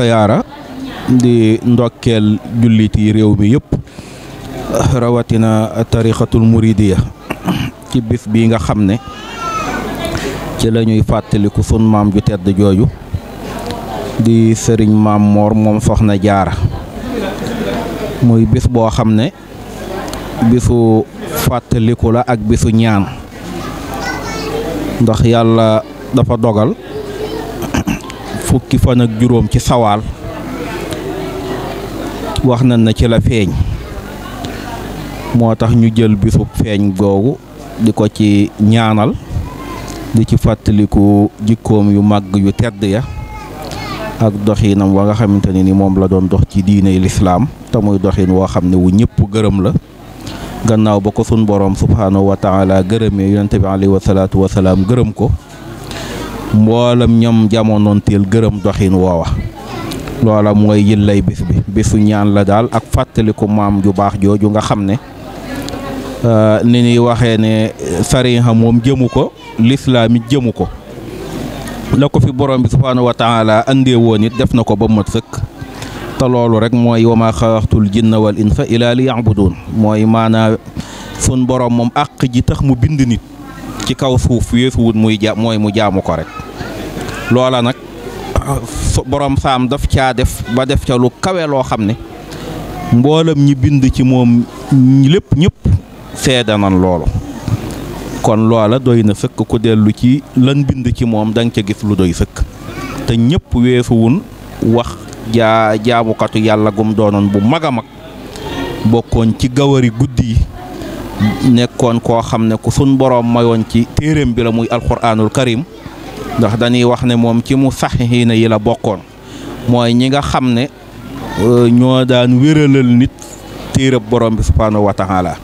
Fayaara di ndokkeel julliti réew mi yëpp rawatina tarixatul muridiya ci bis bi nga xam ne ci la ñuy fàttaliku sun maam ju tedd jooju di sëriñ maam moor moom soxna jaara muy bis boo xam ne bisu fàttaliku la ak bisu ñaan ndax yàlla dafa dogal fukki fan ak juróom ci sawaal wax nañ na ci la feeñ moo tax ñu jël bisub feeñ googu di ko ci ñaanal di ci fàttaliku jikkoom yu màgg yu tedd ya ak doxinam wa nga xamante ne ni moom la doon dox ci diiney lislaam te muy doxin woo xam ne wu ñëpp gërëm la gannaaw ba ko sun boroom subhaanahu wa taala gërëmee yonente bi alayhi wa salaatu wasalaam gërëm ko mboolam ñam jamonoonteel gërëm doxin woowa loola mooy yillay bis bi bisu ñaan la daal ak fàttaliku maam ju baax jooju nga xam ne euh, ni ñuy waxee ne sariha moom jëmu ko lislaam it jëmu ko la ko fi borom bi subhaanahu wa taala andee woon it def na ko ba mat sëkk te loolu rek mooy wa maa xalaqtul jinna wal insa ilaa li mooy maanaa sun borom moom àq ji tax mu bind nit ci kaw suuf weesuwut muy ja mooy mu jaamu ko rek loola nag ah, borom saam daf caa def ba def ca lu kawe loo xam ne mboolam ñi bind ci moom lépp ñëpp seede nan loolu kon loola doy na sëkk ku dellu ci lan bind ci moom danga ca gis lu doy sëkk te ñëpp weesuwun wax jaa jaamukatu yàlla gum doonoon bu mag a mag bokkoon ci gawari guddi nekkoon koo xam ne ku sunu boroom mayoon ci téeréem bi la muy alquraanul karim ndax dañuy wax ne moom ci mu sax na yi la bokkoon mooy ñi nga xam ne euh, ñoo daan wéralal nit téeréb borom bi subhaanahu wa la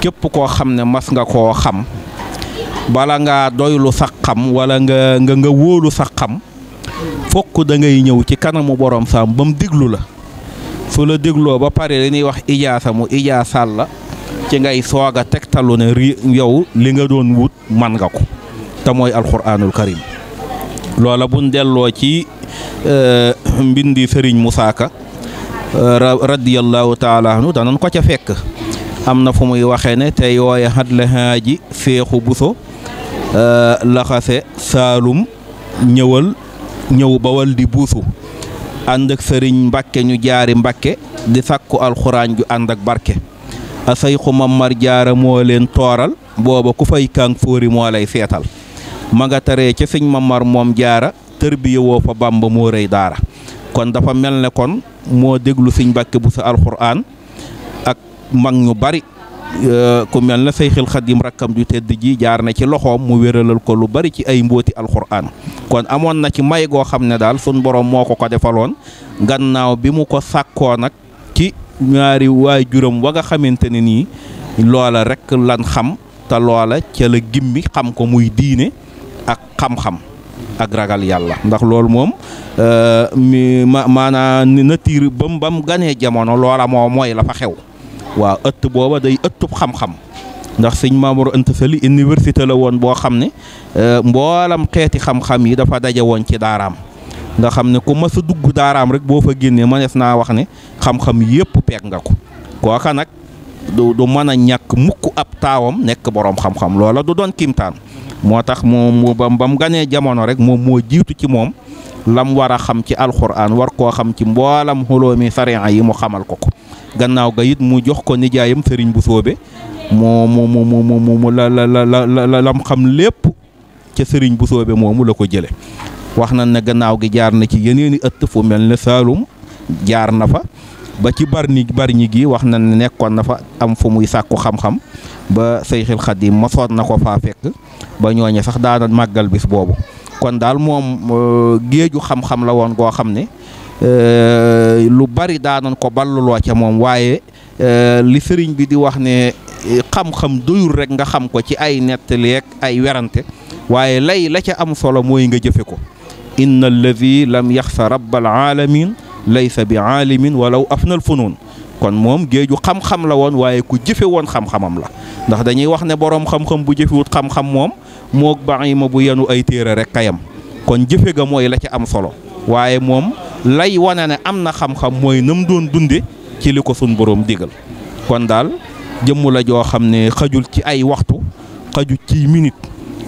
képp koo xam ne mas nga koo xam bala nga doylu sax xam wala nga nga nga wóolu sax xam fokk da ñëw ci kanamu borom saam ba mu déglu la su la dégloo ba pare dañuy wax ijaa sa mu ijaasal la ci ngay soog a tegtalu ne ri yow li nga doon wut man nga ko te mooy alxuraanul karim loola buñ delloo ci euh, mbindi sëriñ Musaa Ka euh, radiyallahu taala anhu danañ ko ca fekk am na fu muy waxee ne te yooya xat la haaji seexu buso euh, laxase saalum ñëwal ñëw bawal di buusu ànd ak sëriñ mbakke ñu jaari mbàkke di sàkku alxuraan ju ànd ak barke asay xuma mar jaara moo leen tooral booba ku fay kàng fóori moo lay feetal ma nga taree ca sëñ mamar moom jaara tërbiya woo fa bàmba moo rëy daara kon dafa mel ne kon moo déglu sëñ Mbàkke bu sa alxuraan ak mag ñu bari euh, ku mel ne Seyxul Xadim rakkam ju tedd ji jaar na ci loxoom mu wéralal ko lu bari ci ay mbóoti alxuraan kon amoon na ci may goo xam ne daal sun borom moo ko ko defaloon gannaaw bi mu ko sàkkoo nag ci ñaari waa juróom wa nga xamante ne nii loola rek lan xam te loola ca la gimmi xam ko muy diine ak xam-xam ak ragal yàlla ndax loolu moom euh, ma maanaam natiir ba mu ba mu ganee jamono loola moo mooy la fa xew waaw ëtt booba day ëttub xam-xam ndax sëñ Maamor Anta Sali université la woon boo xam ne euh, mboolam xeeti xam-xam yi dafa daje woon ci daaraam nga xam ne ku mas a dugg daaraam rek boo fa génnee mënees naa wax ne xam-xam yépp peeg nga ko kooka nag du du mën a ñàkk mukk ab taawam nekk boroom xam-xam loola du doon kimtaan moo tax moom ba mu ganee jamono rek moom moo jiitu ci moom lam war a xam ci alxuraan war koo xam ci mboolam xoloomi sariya yi mu xamal ko ko gannaaw ga it mu jox ko nijaayam sëriñ bu soobe moo mu mu xam lépp ca sëriñ bu soobe moomu la ko jële wax nañ ne gannaaw gi jaar na ci yeneeni ëtt fu mel ne Saalum jaar na fa ba ci barni ñi gi wax nañ ne nekkoon na fa am fu muy sàkku xam-xam ba Seyxul Xadim mosoon na ko faa fekk ba ñooñe sax daana màggal bis boobu kon daal moom euh, géeju xam-xam la woon goo xam ne euh, lu bari daanoon ko balluloo ca moom waaye euh, li sëriñ bi di wax ne xam-xam doyul rek nga xam ko ci ay nett ak ay werante waaye lay la ca am solo mooy nga jëfe ko inna alladi lam yaxfa rabbal aalamin laysa bi aalimin walaw afnal funuun kon moom géeju xam-xam la woon waaye ku jëfe woon xam-xamam la ndax dañuy wax ne boroom xam-xam bu jëfewut xam-xam moom moog baima bu yenu ay téere rek kayam kon jëfe ga mooy la ci am solo waaye moom lay wane ne am na xam-xam mooy nam doon dunde ci li ko sun boroom digal kon daal jëmm la joo xam ne xajul ci ay waxtu xaju ci minit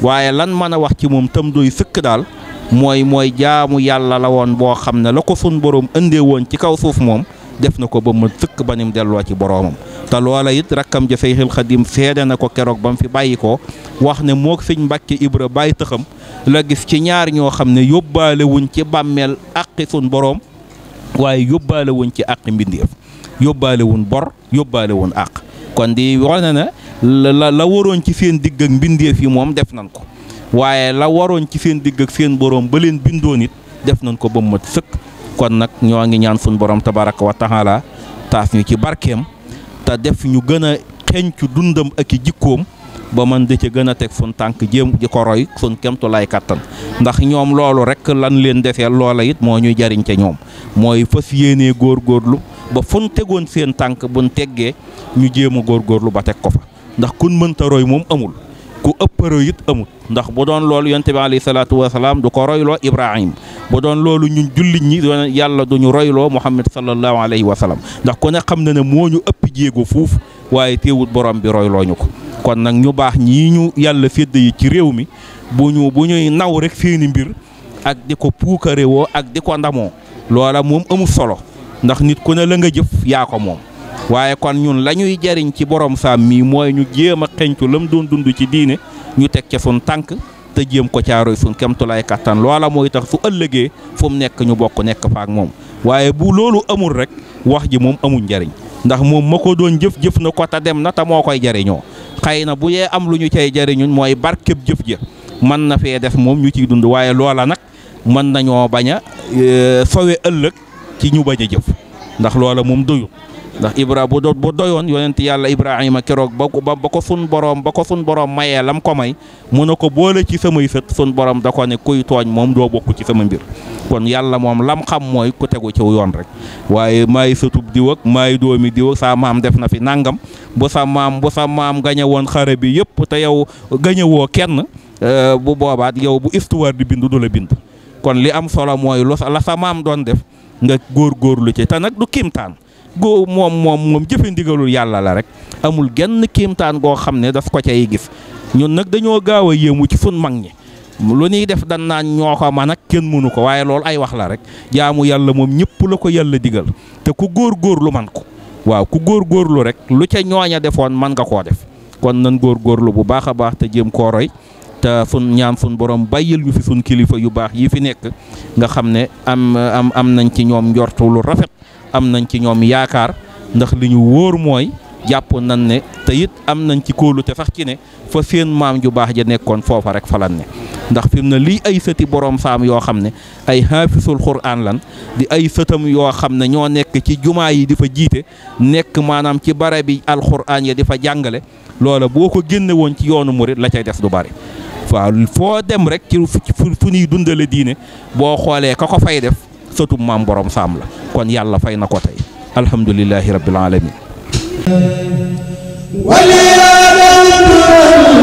waaye lan mën a wax ci moom tam doy sëkk daal mooy mooy jaamu yàlla la woon boo xam ne la ko sun boroom indee woon ci kaw suuf moom def na ko ba mu sëkk ba ni mu delloo ci boroomam te loola it rakkam ja Seyxul Xadim seede na ko keroog ba mu fi bàyyi ko wax ne moo sëñ Mbàkke Ibra bàyyi tëxam la gis ci ñaar ñoo xam ne yóbbaale wuñ ci bàmmeel àqi sun boroom waaye yóbbaale wuñ ci àqi mbindeef yóbbaale wuñ bor yóbbaale wuñ àq kon di wane na la la waroon ci seen digg ak mbindeef yi moom def nañ ko. waaye la waroon ci seen digg ak seen boroom ba leen bindoon it def nañ ko ba mu mat sëkk kon nag ñoo ngi ñaan suñu borom tabaraka wa taala taaf ñu ci barkeem te def ñu gën a xeñcu dundam ak i jikkoom ba man di ca gën a teg sun tànk jéem ji ko roy sun kemtu lay kàttan ndax ñoom loolu rek lan leen defee loola it moo ñuy jariñ ca ñoom mooy fas yéenee góorlu ba fun tegoon seen tànk buñ teggee ñu jéem a góorlu ba teg ko fa ndax kun mënta roy moom amul ku ëpp roy it amut ndax bu doon loolu yonte bi alayhi salaatu wasalaam du ko royloo Ibrahim bu doon loolu ñun jullit ñi yàlla duñu royloo Muhammad sallallahu alayhi wa salaam ndax ku ne xam na ne moo ñu ëpp jéego fuuf waaye teewut borom bi roylooñu ko kon nag ñu baax ñii ñu yàlla sédd yi ci réew mi bu ñu bu ñuy naw rek seeni mbir ak di ko puukarewoo ak di ko ndamoo loola moom amul solo ndax nit ku ne la nga jëf yaa ko moom. waaye kon ñun la ñuy jariñ ci borom saam mii mooy ñu jéem a xencu lam doon dund ci diine ñu teg ca tànk te jéem ko caaroy sun kemtulaay kattan loola mooy tax su ëllëgee fu nekk ñu bokk nekk faak moom waaye bu loolu amul rek wax ji moom amul njariñ ndax moom ma ko doon jëf jëf na ko te dem na te moo koy jariñoo xëy na bu yee am lu ñu cay jariñu mooy barkeb jëf ja mën na fee def moom ñu ciy dund waaye loola nag mën nañoo bañ a euh, sowe ëllëg ci ñu bañ a jëf ndax loola moom doyul ndax Ibra bu boo doyoon yonent yàlla Ibrahima keroog ba ko ba ko sun borom ba ko sun borom mayee lam ko may mu ne ko boole ci samay sët sun borom da ko ne kuy tooñ moom doo bokku ci sama mbir kon yàlla moom lam xam mooy ku tegu ci yoon rek waaye maay sëtub diw ak maay doomi diw sa maam def na fi nangam bu sa maam bu maam gañe xare bi yëpp te yow gañe woo kenn euh, bu boobaat yow bu histoire di bind du la bind kon li am solo mooy la sa maam doon def nga góor góorgóorlu ci te nag du kimtaan goo moom moom moom jëfe ndigalul yàlla la rek amul genn kiimtaan goo xam ne daf ko cay gis ñun nag dañoo gaaw a yéemu ci fun mag ñi lu ñuy def dan naan ñoo ko man ak kenn mënu ko waaye loolu ay wax la rek jaamu yàlla moom ñëpp la ko yàlla digal te ku góor góor lu man ko waaw ku góor góorlu rek lu ca ñooña defoon man nga koo def kon nan góor góorlu bu baax a baax te jéem koo roy te fun ñaam fun borom bàyyil ñu fi fun kilifa yu baax yi fi nekk nga xam ne am am nañ ci ñoom njortu lu rafet am nañ ci ñoom yaakaar ndax li ñu wóor mooy jàpp nañ ne te it am nañ ci kóolute sax ci ne fa seen maam ju baax ja nekkoon foofa rek falan ne ndax fi na lii ay sëti borom saam yoo xam ne ay xaafisul xuraan lan di ay sëtam yoo xam ne ñoo nekk ci jumaa yi di fa jiite nekk maanaam ci bare bi alxuraan ya di fa jàngale loola boo ko génne woon ci yoonu murit la cay des du bari waaw foo dem rek fu ñuy dundale diine boo xoolee ka ko fay def sëtu mam borom sam la kon yàlla fay nako tay tey rabbil alamin